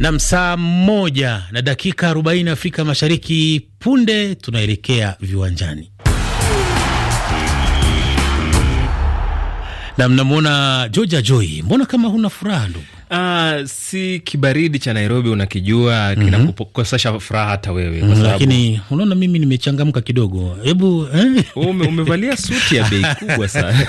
Nam, saa moja na dakika 40 Afrika Mashariki. Punde tunaelekea viwanjani. Nam, namwona Joja joi mbona kama huna furaha ndugu? Uh, si kibaridi cha Nairobi unakijua kinakukosesha mhm. mm -hmm. furaha hata wewe mm, lakini unaona mimi nimechangamka kidogo. Hebu eh? Ume, umevalia suti ya bei kubwa sana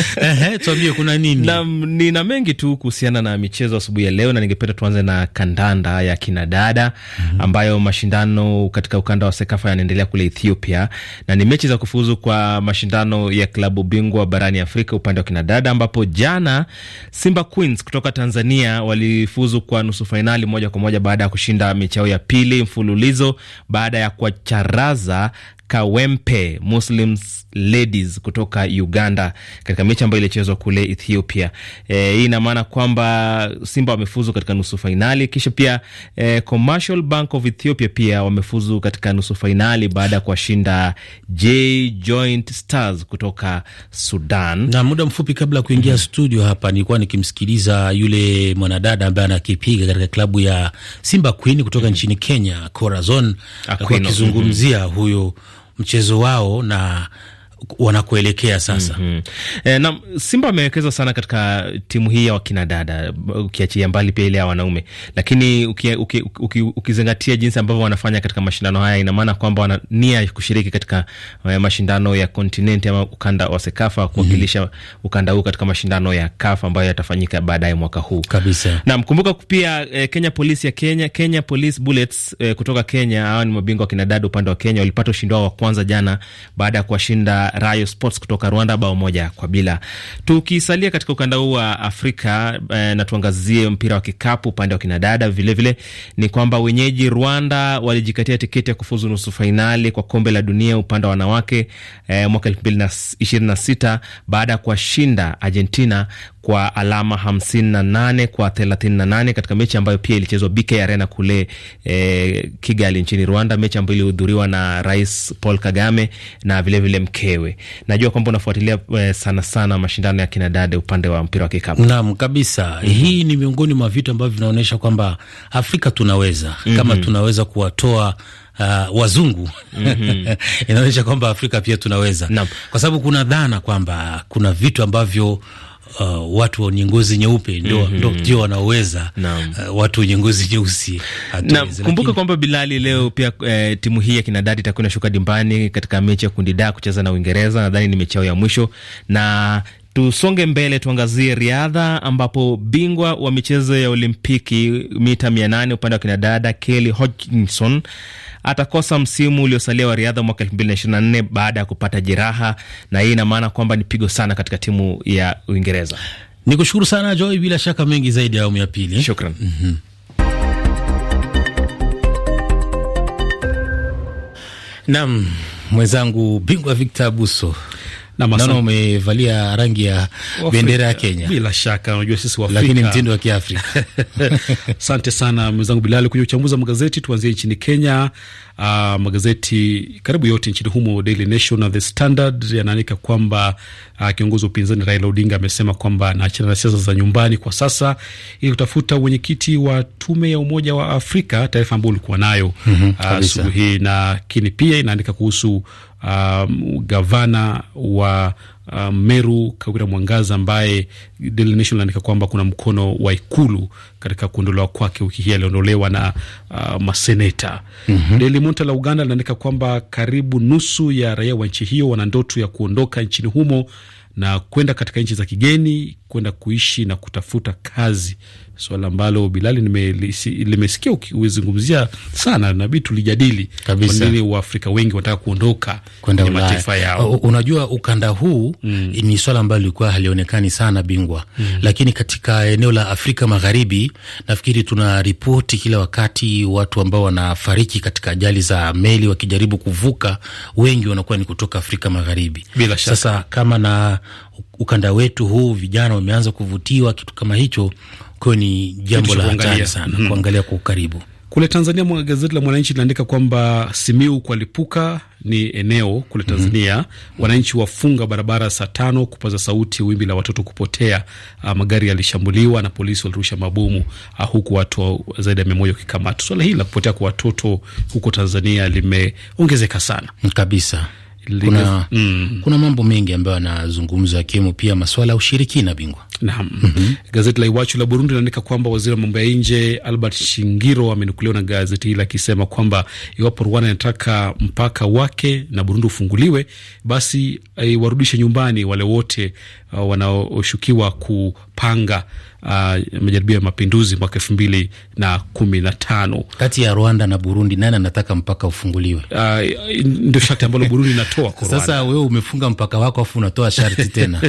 tuambie kuna nini? Na, nina mengi tu kuhusiana na michezo asubuhi ya leo, na ningependa tuanze na kandanda ya kinadada mm -hmm. ambayo mashindano katika ukanda wa Sekafa yanaendelea kule Ethiopia, na ni mechi za kufuzu kwa mashindano ya klabu bingwa barani Afrika upande wa kinadada, ambapo jana Simba Queens kutoka Tanzania Tanzania walifuzu kwa nusu fainali moja kwa moja baada ya kushinda mechi yao ya pili mfululizo baada ya kuwacharaza Kawempe Muslims Ladies kutoka Uganda katika mechi ambayo ilichezwa kule Ethiopia. E, hii ina maana kwamba Simba wamefuzu katika nusu fainali, kisha pia e, Commercial Bank of Ethiopia pia wamefuzu katika nusu fainali baada ya kuwashinda J Joint Stars kutoka Sudan. Na muda mfupi kabla ya kuingia mm -hmm. studio hapa nilikuwa nikimsikiliza yule mwanadada ambaye anakipiga katika klabu ya Simba Queen kutoka mm -hmm. nchini Kenya, Corazon akizungumzia mm -hmm. huyo mchezo wao na wanakuelekea sasa. mm -hmm. E, na Simba amewekeza sana katika timu hii ya wakina dada, ukiachia mbali pia ile ya wanaume, lakini uki, uki, uki, ukizingatia jinsi ambavyo wanafanya katika mashindano haya, ina maana kwamba wana nia ya kushiriki katika uh, mashindano ya kontinenti ama ukanda wa Sekafa mhm. kuwakilisha mm -hmm. ukanda huu katika mashindano ya Kafa ambayo yatafanyika baadaye mwaka huu kabisa. Na mkumbuka pia eh, Kenya Police ya Kenya, Kenya Police Bullets eh, kutoka Kenya, hawa ni mabingwa wakina dada upande wa Kenya, walipata ushindi wao wa kwanza jana baada ya kuwashinda ya Rayo Sports kutoka Rwanda bao moja kwa bila. Tukisalia katika ukanda huu wa Afrika eh, na tuangazie mpira wa kikapu upande wa kinadada vilevile, ni kwamba wenyeji Rwanda walijikatia tiketi ya kufuzu nusu fainali kwa kombe la dunia upande wa wanawake eh, mwaka elfu mbili na ishirini na sita baada ya kuwashinda Argentina kwa alama 58 kwa 38 katika mechi ambayo pia ilichezwa BK Arena kule e, Kigali nchini Rwanda, mechi ambayo ilihudhuriwa na Rais Paul Kagame na vilevile vile mkewe. Najua kwamba unafuatilia e, sana sana mashindano ya kinadada upande wa mpira wa kikapu. Naam, kabisa. mm -hmm. Hii ni miongoni mwa vitu ambavyo vinaonyesha kwamba Afrika tunaweza mhm. kama mm -hmm. tunaweza kuwatoa Uh, wazungu mm -hmm. inaonyesha kwamba Afrika pia tunaweza Kwa sababu kuna dhana kwamba kuna vitu ambavyo uh, watu wenye ngozi nyeupe ndio mm -hmm. ndio wanaoweza uh, watu wenye ngozi nyeusi. Kumbuka kwamba Bilali leo pia eh, timu hii ya kinadada itakuwa inashuka dimbani katika mechi ya kundi D kucheza na Uingereza. Nadhani ni mechi yao ya mwisho na Tusonge mbele tuangazie riadha ambapo bingwa wa michezo ya Olimpiki mita 800 upande wa kinadada Kelly Hodgson atakosa msimu uliosalia wa riadha mwaka 2024 baada ya kupata jeraha, na hii ina maana kwamba ni pigo sana katika timu ya Uingereza. Ni kushukuru sana Joy, bila shaka mengi zaidi ya awamu ya pili. Shukran. mm -hmm. Nam mwenzangu bingwa Victor Abuso naona umevalia rangi ya Afrika, bendera ya Kenya. Bila shaka unajua sisi wa Afrika, lakini mtindo wa Kiafrika. Asante sana mwenzangu Bilali kwenye uchambuzi wa magazeti. Tuanzie nchini Kenya. Uh, magazeti karibu yote nchini humo, Daily Nation na The Standard yanaandika kwamba uh, kiongozi wa upinzani Raila Odinga amesema kwamba anaachana na siasa za nyumbani kwa sasa ili kutafuta mwenyekiti wa tume ya Umoja wa Afrika, taarifa ambayo ulikuwa nayo mm -hmm, uh, asubuhi na kini pia inaandika kuhusu um, gavana wa um, Meru Kawira Mwangaza ambaye Daily Nation kwamba kuna mkono wa Ikulu katika kuondolewa kwake. Wiki hii aliondolewa na uh, maseneta. mm -hmm. Daily Monitor la Uganda linaandika kwamba karibu nusu ya raia wa nchi hiyo wana ndoto ya kuondoka nchini humo na kwenda katika nchi za kigeni, kwenda kuishi na kutafuta kazi swala ambalo Bilali limesikia ukizungumzia sana, nabidi tulijadili kwa nini Waafrika wengi wanataka kuondoka kwenda mataifa yao. Unajua, ukanda huu mm. ni swala ambalo lilikuwa halionekani sana bingwa mm. lakini katika eneo la Afrika Magharibi nafikiri tuna ripoti kila wakati watu ambao wanafariki katika ajali za meli wakijaribu kuvuka, wengi wanakuwa ni kutoka Afrika Magharibi. Bila shaka. Sasa kama na ukanda wetu huu vijana wameanza kuvutiwa kitu kama hicho kwa ni jambo la hatari sana mm, kuangalia kwa ukaribu. Kule Tanzania mwa gazeti la Mwananchi linaandika kwamba Simiu kualipuka ni eneo kule mm-hmm. Tanzania. mm -hmm. Wananchi wafunga barabara saa tano kupaza sauti wimbi la watoto kupotea. Uh, magari yalishambuliwa na polisi walirusha mabomu, uh, huku watu zaidi ya mia moja wakikamatwa. Swala hili la kupotea kwa watoto huko Tanzania limeongezeka sana kabisa. Kuna, mm. kuna mambo mengi ambayo yanazungumzwa akiwemo pia masuala ya ushirikina bingwa Naam. mm -hmm. Gazeti la Iwachu la Burundi linaandika kwamba waziri wa mambo ya nje Albert Shingiro amenukuliwa na gazeti hili akisema kwamba iwapo Rwanda inataka mpaka wake na Burundi ufunguliwe, basi eh, warudishe nyumbani wale wote uh, wanaoshukiwa kupanga uh, majaribio ya mapinduzi mwaka elfu mbili na kumi na tano. Kati ya Rwanda na Burundi nani anataka mpaka ufunguliwe? Uh, ndio sharti ambalo Burundi inatoa. Sasa wewe umefunga mpaka wako afu unatoa sharti tena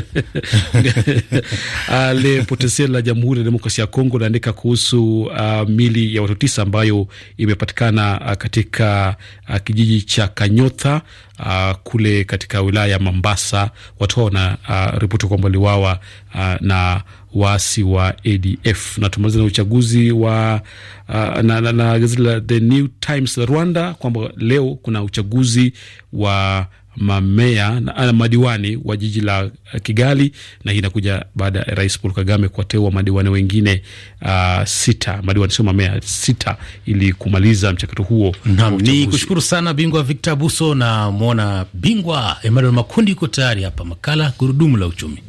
Uh, Le Potentiel la Jamhuri ya Demokrasia ya Kongo naandika kuhusu uh, mili ya watu tisa ambayo imepatikana uh, katika uh, kijiji cha Kanyotha uh, kule katika wilaya ya Mambasa. Watu hao wana uh, ripoti kwamba waliwawa uh, na waasi wa ADF. Na tumaliza na uchaguzi wa uh, na, na, na gazeti la The New Times la Rwanda kwamba leo kuna uchaguzi wa mamea na ah, madiwani wa jiji la eh, Kigali, na hii inakuja baada ya Rais Paul Kagame kuwateua madiwani wengine uh, sita, madiwani sio mamea sita, ili kumaliza mchakato huo. Naam, ni kushukuru sana bingwa Victor Buso na mwona bingwa Emmanuel Makundi. Yuko tayari hapa makala gurudumu la uchumi.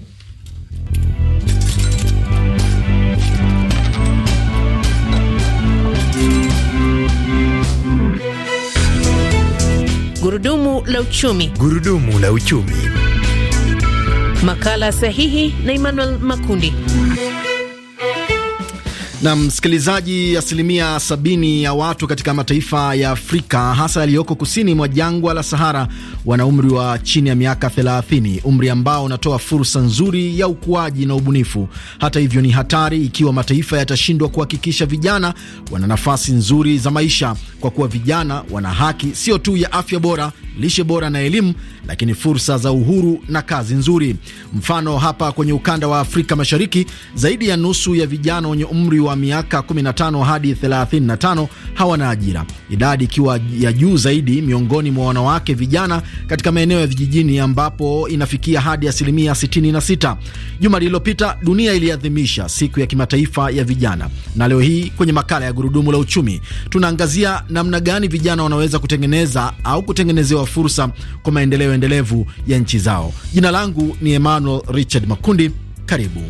Gurudumu la uchumi. Gurudumu la uchumi. Makala sahihi na Emmanuel Makundi. Na msikilizaji, asilimia sabini ya watu katika mataifa ya Afrika hasa yaliyoko kusini mwa jangwa la Sahara wana umri wa chini ya miaka 30, umri ambao unatoa fursa nzuri ya ukuaji na ubunifu. Hata hivyo, ni hatari ikiwa mataifa yatashindwa kuhakikisha vijana wana nafasi nzuri za maisha, kwa kuwa vijana wana haki sio tu ya afya bora, lishe bora na elimu, lakini fursa za uhuru na kazi nzuri. Mfano, hapa kwenye ukanda wa Afrika Mashariki, zaidi ya nusu ya vijana wenye umri wa miaka 15 hadi 35 hawana ajira, idadi ikiwa ya juu zaidi miongoni mwa wanawake vijana katika maeneo ya vijijini ambapo inafikia hadi asilimia 66. Juma lililopita dunia iliadhimisha siku ya kimataifa ya vijana, na leo hii kwenye makala ya gurudumu la uchumi tunaangazia namna gani vijana wanaweza kutengeneza au kutengenezewa fursa kwa maendeleo endelevu ya nchi zao. Jina langu ni Emmanuel Richard Makundi, karibu.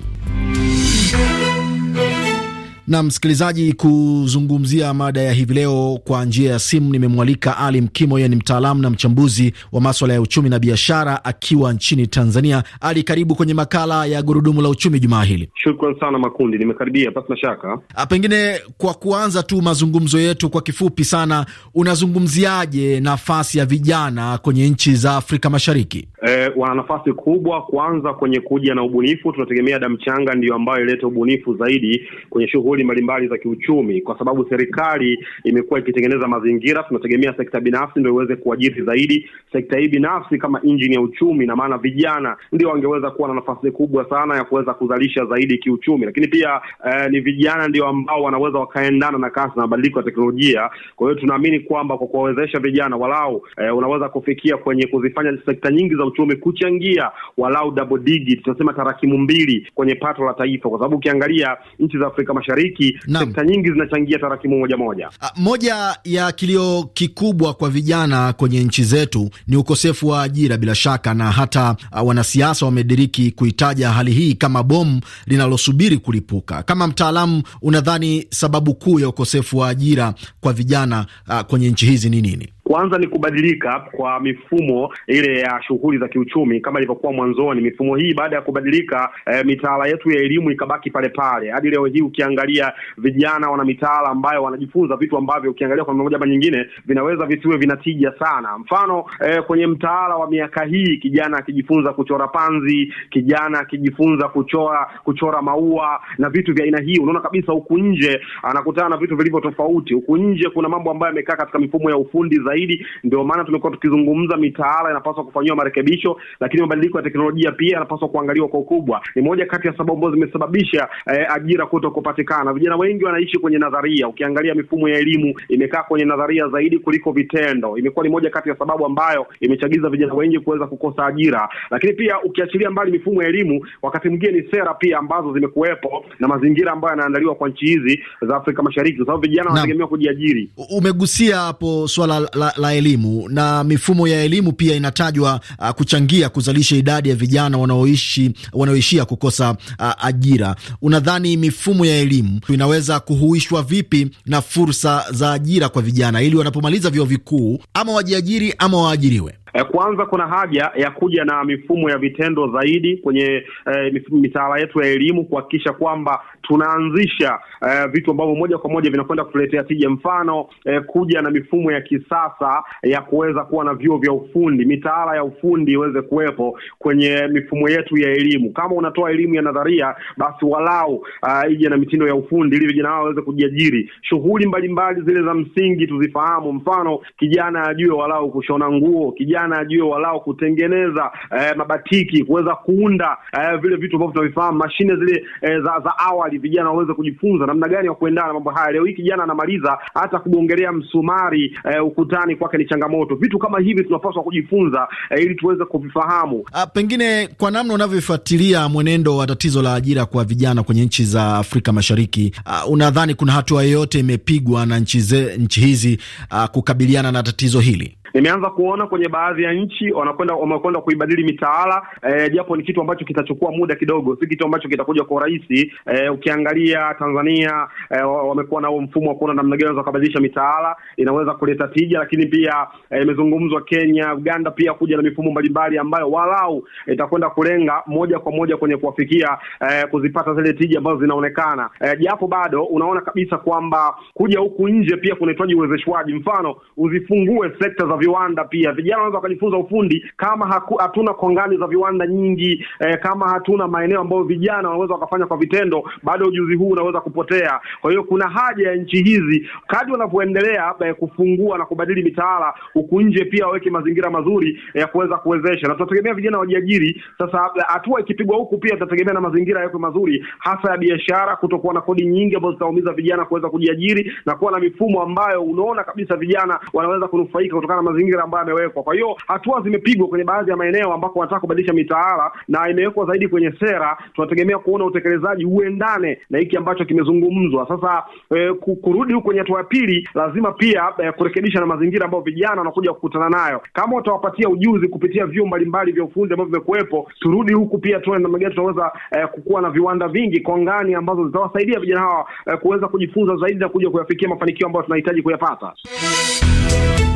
Na msikilizaji, kuzungumzia mada ya hivi leo kwa njia ya simu nimemwalika Ali Mkimo. Yeye ni mtaalamu na mchambuzi wa maswala ya uchumi na biashara akiwa nchini Tanzania. Ali, karibu kwenye makala ya gurudumu la uchumi jumaa hili. Shukran sana Makundi, nimekaribia na shaka. A, ah, pengine kwa kuanza tu mazungumzo yetu kwa kifupi sana, unazungumziaje nafasi ya vijana kwenye nchi za Afrika Mashariki? E, wana nafasi kubwa, kwanza kwenye kuja na ubunifu. Tunategemea damchanga ndiyo ambayo ileta ubunifu zaidi kwenye shughuli shughuli mbalimbali za kiuchumi, kwa sababu serikali imekuwa ikitengeneza mazingira. Tunategemea sekta binafsi ndio iweze kuajiri zaidi. Sekta hii binafsi kama injini ya uchumi, na maana vijana ndio wangeweza kuwa na nafasi kubwa sana ya kuweza kuzalisha zaidi kiuchumi, lakini pia eh, ni vijana ndio ambao wanaweza wakaendana na kasi na mabadiliko ya teknolojia. Kwa hiyo tunaamini kwamba kwa kuwawezesha vijana walau eh, unaweza kufikia kwenye kuzifanya sekta nyingi za uchumi kuchangia walau double digit, tunasema tarakimu mbili kwenye pato la taifa, kwa sababu ukiangalia nchi za Afrika Mashariki Mashariki, sekta nyingi zinachangia tarakimu moja moja. A, ah, moja ya kilio kikubwa kwa vijana kwenye nchi zetu ni ukosefu wa ajira bila shaka, na hata uh, wanasiasa wamediriki kuitaja hali hii kama bomu linalosubiri kulipuka. Kama mtaalamu, unadhani sababu kuu ya ukosefu wa ajira kwa vijana uh, kwenye nchi hizi ni nini? Kwanza ni kubadilika kwa mifumo ile ya shughuli za kiuchumi kama ilivyokuwa mwanzoni. Mifumo hii baada ya kubadilika, e, mitaala yetu ya elimu ikabaki pale pale hadi leo hii. Ukiangalia vijana wana mitaala ambayo wanajifunza vitu ambavyo ukiangalia kwa mmoja ama nyingine vinaweza visiwe vinatija sana. Mfano e, kwenye mtaala wa miaka hii kijana akijifunza kuchora panzi, kijana akijifunza kuchora kuchora maua na vitu vya aina hii, unaona kabisa huku nje anakutana na vitu vilivyo tofauti. Huku nje kuna mambo ambayo yamekaa katika mifumo ya ufundi zaidi zaidi. Ndio maana tumekuwa tukizungumza, mitaala inapaswa kufanyiwa marekebisho, lakini mabadiliko ya teknolojia pia yanapaswa kuangaliwa kwa ukubwa. Ni moja kati ya sababu ambazo zimesababisha eh, ajira kuto kupatikana. Vijana wengi wanaishi kwenye nadharia. Ukiangalia mifumo ya elimu imekaa kwenye nadharia zaidi kuliko vitendo. Imekuwa ni moja kati ya sababu ambayo imechagiza vijana wengi kuweza kukosa ajira, lakini pia ukiachilia mbali mifumo ya elimu, wakati mwingine ni sera pia ambazo zimekuwepo na mazingira ambayo yanaandaliwa kwa nchi hizi za Afrika Mashariki, kwa sababu vijana wanategemewa kujiajiri. Umegusia hapo swala la, la elimu na mifumo ya elimu pia inatajwa uh, kuchangia kuzalisha idadi ya vijana wanaoishi wanaoishia kukosa uh, ajira. Unadhani mifumo ya elimu inaweza kuhuishwa vipi na fursa za ajira kwa vijana ili wanapomaliza vyuo vikuu ama wajiajiri ama waajiriwe? Eh, kwanza kuna haja ya kuja na mifumo ya vitendo zaidi kwenye eh, mitaala yetu ya elimu kuhakikisha kwamba tunaanzisha eh, vitu ambavyo moja kwa moja vinakwenda kutuletea tija, mfano eh, kuja na mifumo ya kisasa ya kuweza kuwa na vyuo vya ufundi, mitaala ya ufundi iweze kuwepo kwenye mifumo yetu ya elimu. Kama unatoa elimu ya nadharia, basi walau uh, ije na mitindo ya ufundi ili vijana wao waweze kujiajiri. Shughuli mbalimbali zile za msingi tuzifahamu, mfano kijana ajue walau kushona nguo, kijana kushirikiana ajue walao kutengeneza eh, mabatiki kuweza kuunda eh, vile vitu ambavyo tunavifahamu mashine zile eh, za, za awali, vijana waweze kujifunza namna gani ya kuendana na mambo haya. Leo hii kijana anamaliza hata kugongelea msumari eh, ukutani kwake ni changamoto. Vitu kama hivi tunapaswa kujifunza eh, ili tuweze kuvifahamu. Ah, pengine kwa namna unavyofuatilia mwenendo wa tatizo la ajira kwa vijana kwenye nchi za Afrika Mashariki, ah, unadhani kuna hatua yoyote imepigwa na nchi, ze, nchi hizi a, ah, kukabiliana na tatizo hili? Nimeanza kuona kwenye baadhi ya nchi wanakwenda wamekwenda kuibadili mitaala e, japo ni kitu ambacho kitachukua muda kidogo, si kitu ambacho kitakuja kwa urahisi. E, ukiangalia Tanzania e, wamekuwa na mfumo wa kuona namna gani wanaweza kubadilisha mitaala, inaweza kuleta tija, lakini pia imezungumzwa e, Kenya, Uganda pia kuja na mifumo mbalimbali ambayo walau itakwenda kulenga moja kwa moja kwenye kuwafikia e, kuzipata zile tija ambazo zinaonekana japo e, bado unaona kabisa kwamba kuja huku nje pia kunahitaji uwezeshwaji, mfano uzifungue sekta za viwanda pia. Vijana wanaweza wakajifunza ufundi kama haku, hatuna kongani za viwanda nyingi eh, kama hatuna maeneo ambayo vijana wanaweza wakafanya kwa vitendo, bado ujuzi huu unaweza kupotea. Kwa hiyo kuna haja ya nchi hizi kadi wanavyoendelea eh, kufungua na kubadili mitaala huku nje, pia waweke mazingira mazuri ya eh, kuweza kuwezesha, na tunategemea vijana wajiajiri. Sasa eh, hatua ikipigwa huku, pia tutategemea na mazingira yawekwe mazuri, hasa ya biashara, kutokuwa na kodi nyingi ambazo zitaumiza vijana kuweza kujiajiri na kuwa na mifumo ambayo unaona kabisa vijana wanaweza kunufaika kutokana na mazingira ambayo yamewekwa. Kwa hiyo hatua zimepigwa kwenye baadhi ya maeneo ambako wanataka kubadilisha mitaala na imewekwa zaidi kwenye sera. Tunategemea kuona utekelezaji uendane na hiki ambacho kimezungumzwa. Sasa eh, kurudi huko kwenye hatua ya pili, lazima pia eh, kurekebisha na mazingira ambayo vijana wanakuja kukutana nayo. Kama utawapatia ujuzi kupitia vyuo mbalimbali vya ufundi ambavyo vimekuwepo, turudi huku pia tuone namna gani tunaweza eh, kukuwa na viwanda vingi kongani ambazo zitawasaidia vijana hawa eh, kuweza kujifunza zaidi na kuja kuyafikia mafanikio ambayo tunahitaji kuyapata.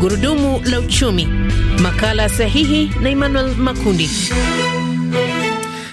Gurudumu la uchumi. Makala sahihi na Emmanuel Makundi.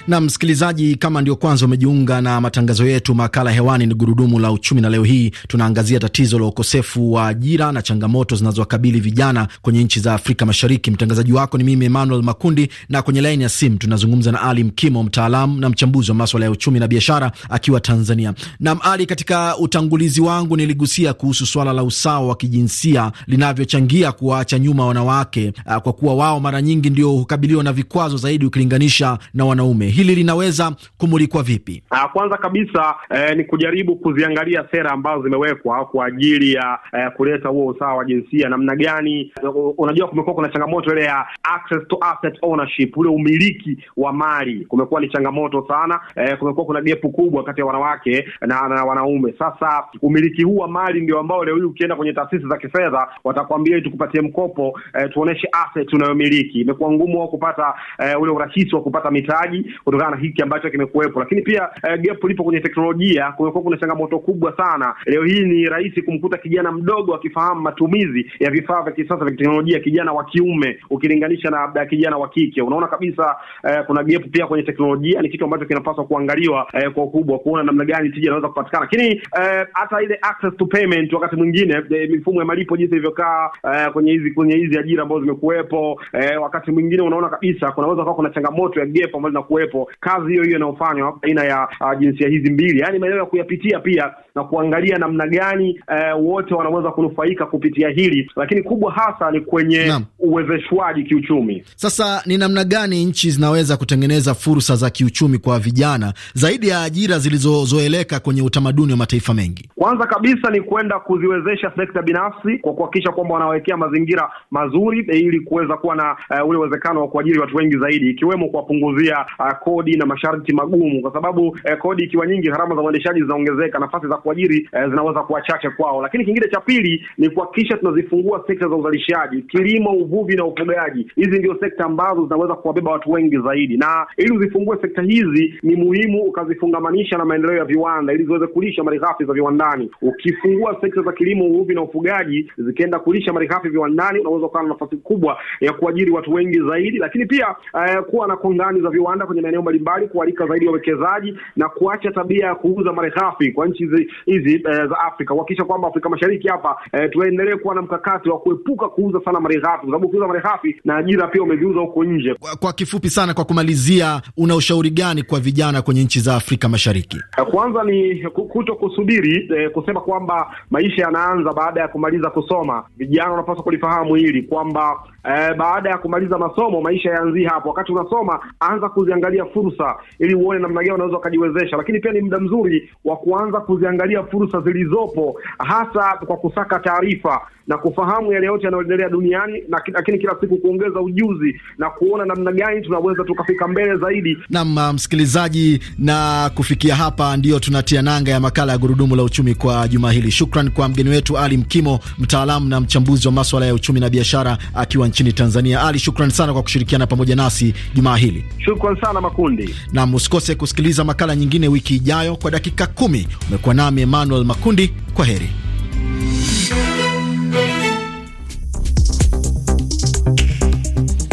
Na msikilizaji, kama ndio kwanza umejiunga na matangazo yetu, makala hewani ni gurudumu la uchumi, na leo hii tunaangazia tatizo la ukosefu wa ajira na changamoto zinazowakabili vijana kwenye nchi za Afrika Mashariki. Mtangazaji wako ni mimi Emmanuel Makundi, na kwenye laini ya simu tunazungumza na Ali Mkimo, mtaalamu na mchambuzi wa maswala ya uchumi na biashara akiwa Tanzania. nam Ali, katika utangulizi wangu niligusia kuhusu swala la usawa wa kijinsia linavyochangia kuwaacha nyuma wanawake, kwa kuwa wao mara nyingi ndio hukabiliwa na vikwazo zaidi ukilinganisha na wanaume hili linaweza kumulikwa vipi? Ah, kwanza kabisa eh, ni kujaribu kuziangalia sera ambazo zimewekwa kwa ajili ya eh, kuleta huo usawa wa jinsia namna gani. Unajua, kumekuwa kuna changamoto ile ya access to asset ownership, ule umiliki wa mali kumekuwa ni changamoto sana. Eh, kumekuwa kuna gepu kubwa kati ya wanawake na, na wanaume. Sasa umiliki huu wa mali ndio ambao leo hii ukienda kwenye taasisi za kifedha watakwambia tukupatie mkopo, eh, tuoneshe asset unayomiliki. Imekuwa ngumu wao kupata eh, ule urahisi wa kupata mitaji kutokana na hiki ambacho kimekuwepo, lakini pia eh, gap lipo kwenye teknolojia. Kumekuwa kuna changamoto kubwa sana. Leo hii ni rahisi kumkuta kijana mdogo akifahamu matumizi ya vifaa vya kisasa vya teknolojia, kijana wa kiume ukilinganisha na labda kijana wa kike. Unaona kabisa eh, kuna gap pia kwenye teknolojia, ni kitu ambacho kinapaswa kuangaliwa eh, kwa ukubwa, kuona namna gani tija inaweza kupatikana. Lakini eh, hata eh, ile access to payment, wakati mwingine eh, mifumo ya malipo jinsi ilivyokaa eh, kwenye hizi kwenye hizi ajira ambazo zimekuwepo, eh, wakati mwingine unaona kabisa kunaweza kuwa kuna changamoto ya gap ambayo zinakuwepo kuwepo kazi hiyo hiyo inayofanywa baina ya uh, jinsia hizi mbili, yaani maeneo ya kuyapitia pia na kuangalia namna gani uh, wote wanaweza kunufaika kupitia hili, lakini kubwa hasa ni kwenye uwezeshwaji kiuchumi. Sasa ni namna gani nchi zinaweza kutengeneza fursa za kiuchumi kwa vijana zaidi ya ajira zilizozoeleka kwenye utamaduni wa mataifa mengi? Kwanza kabisa ni kwenda kuziwezesha sekta binafsi kwa kuhakikisha kwamba wanawekea mazingira mazuri eh, ili kuweza kuwa na uh, ule uwezekano wa kuajiri watu wengi zaidi, ikiwemo kuwapunguzia uh, kodi na masharti magumu, kwa sababu eh, kodi ikiwa nyingi, gharama za uendeshaji zinaongezeka, nafasi za kuajiri eh, zinaweza kuwa chache kwao. Lakini kingine cha pili ni kuhakikisha tunazifungua sekta za uzalishaji, kilimo, uvuvi na ufugaji. Hizi ndio sekta ambazo zinaweza kuwabeba watu wengi zaidi, na ili uzifungue sekta hizi ni muhimu ukazifungamanisha na maendeleo ya viwanda ili ziweze kulisha malighafi za viwandani. Ukifungua sekta za kilimo, uvuvi na ufugaji, zikienda kulisha malighafi viwandani, unaweza ukawa na nafasi kubwa ya kuajiri watu wengi zaidi, lakini pia eh, kuwa na kongani za viwanda kwenye maeneo mbalimbali, kualika zaidi wawekezaji na kuacha tabia ya kuuza malighafi kwa nchi hizi eh, za Afrika, kuhakikisha kwamba Afrika Mashariki hapa eh, tuendelee kuwa na mkakati wa kuepuka kuuza sana malighafi, kwa sababu ukiuza malighafi na ajira pia umeziuza huko nje. Kwa, kwa kifupi sana, kwa kumalizia, una ushauri gani kwa vijana kwenye nchi za Afrika Mashariki? Eh, kwanza ni kuto kusubiri eh, kusema kwamba maisha yanaanza baada ya kumaliza kusoma. Vijana wanapaswa kulifahamu hili kwamba eh, baada ya kumaliza masomo maisha yaanzii hapo. Wakati unasoma, anza kuziangalia kuangalia fursa ili uone namna gani wanaweza wakajiwezesha, lakini pia ni muda mzuri wa kuanza kuziangalia fursa zilizopo, hasa kwa kusaka taarifa na kufahamu yale yote yanayoendelea duniani, lakini kila siku kuongeza ujuzi na kuona namna gani tunaweza tukafika mbele zaidi. Naam, uh, msikilizaji, na kufikia hapa ndiyo tunatia nanga ya makala ya Gurudumu la Uchumi kwa juma hili. Shukran kwa mgeni wetu Ali Mkimo, mtaalamu na mchambuzi wa maswala ya uchumi na biashara, akiwa nchini Tanzania. Ali, shukran sana kwa kushirikiana pamoja nasi jumaa hili. Shukran sana. Makundi. Nam, usikose kusikiliza makala nyingine wiki ijayo kwa dakika kumi. Umekuwa nami Emmanuel Makundi, kwa heri.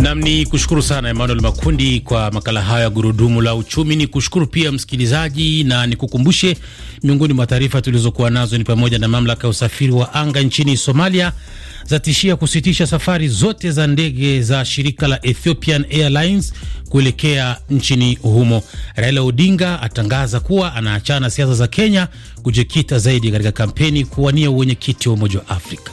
Nam ni kushukuru sana Emmanuel Makundi kwa makala hayo ya gurudumu la uchumi. Ni kushukuru pia msikilizaji, na nikukumbushe miongoni mwa taarifa tulizokuwa nazo ni pamoja na mamlaka ya usafiri wa anga nchini Somalia zatishia kusitisha safari zote za ndege za shirika la Ethiopian Airlines kuelekea nchini humo. Raila Odinga atangaza kuwa anaachana siasa za Kenya kujikita zaidi katika kampeni kuwania uwenyekiti wa Umoja wa Afrika.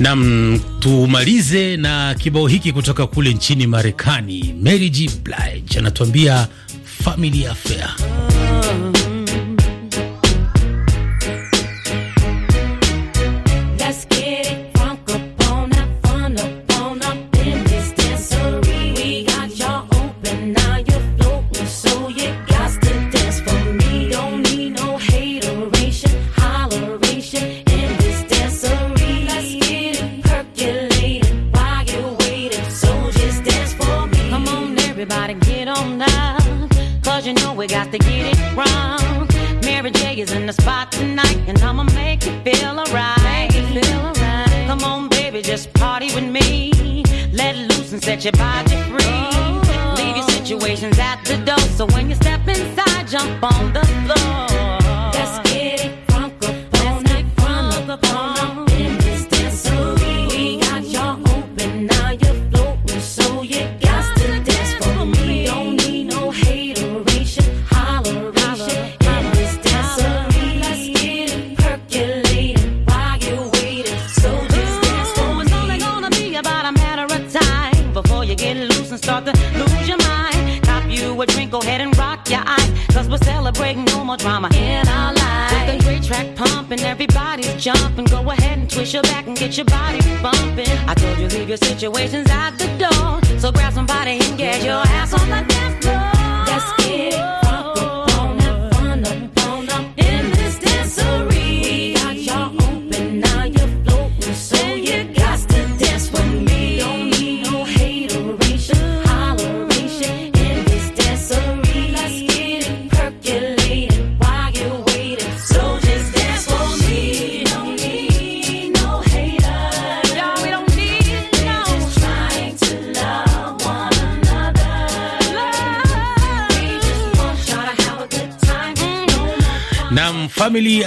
Nam, tumalize na kibao hiki kutoka kule nchini Marekani. Mary J Blige anatuambia Family Affair.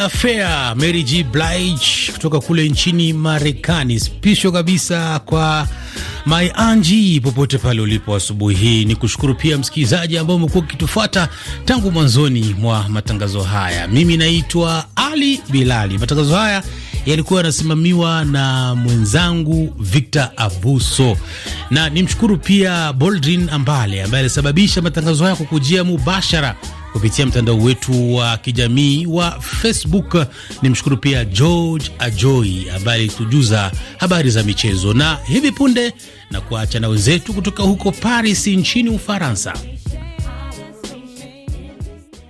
Affair Mary G Blige kutoka kule nchini Marekani. Spisho kabisa kwa my Angie, popote pale ulipo asubuhi hii. Ni kushukuru pia msikilizaji ambao umekuwa ukitufuata tangu mwanzoni mwa matangazo haya. Mimi naitwa Ali Bilali. Matangazo haya yalikuwa yanasimamiwa na mwenzangu Victor Abuso, na nimshukuru pia Boldrin Ambale ambaye alisababisha matangazo haya kukujia mubashara kupitia mtandao wetu wa kijamii wa Facebook. ni mshukuru pia George Ajoi ambaye alitujuza habari za michezo, na hivi punde na kuacha na wenzetu kutoka huko Paris nchini Ufaransa.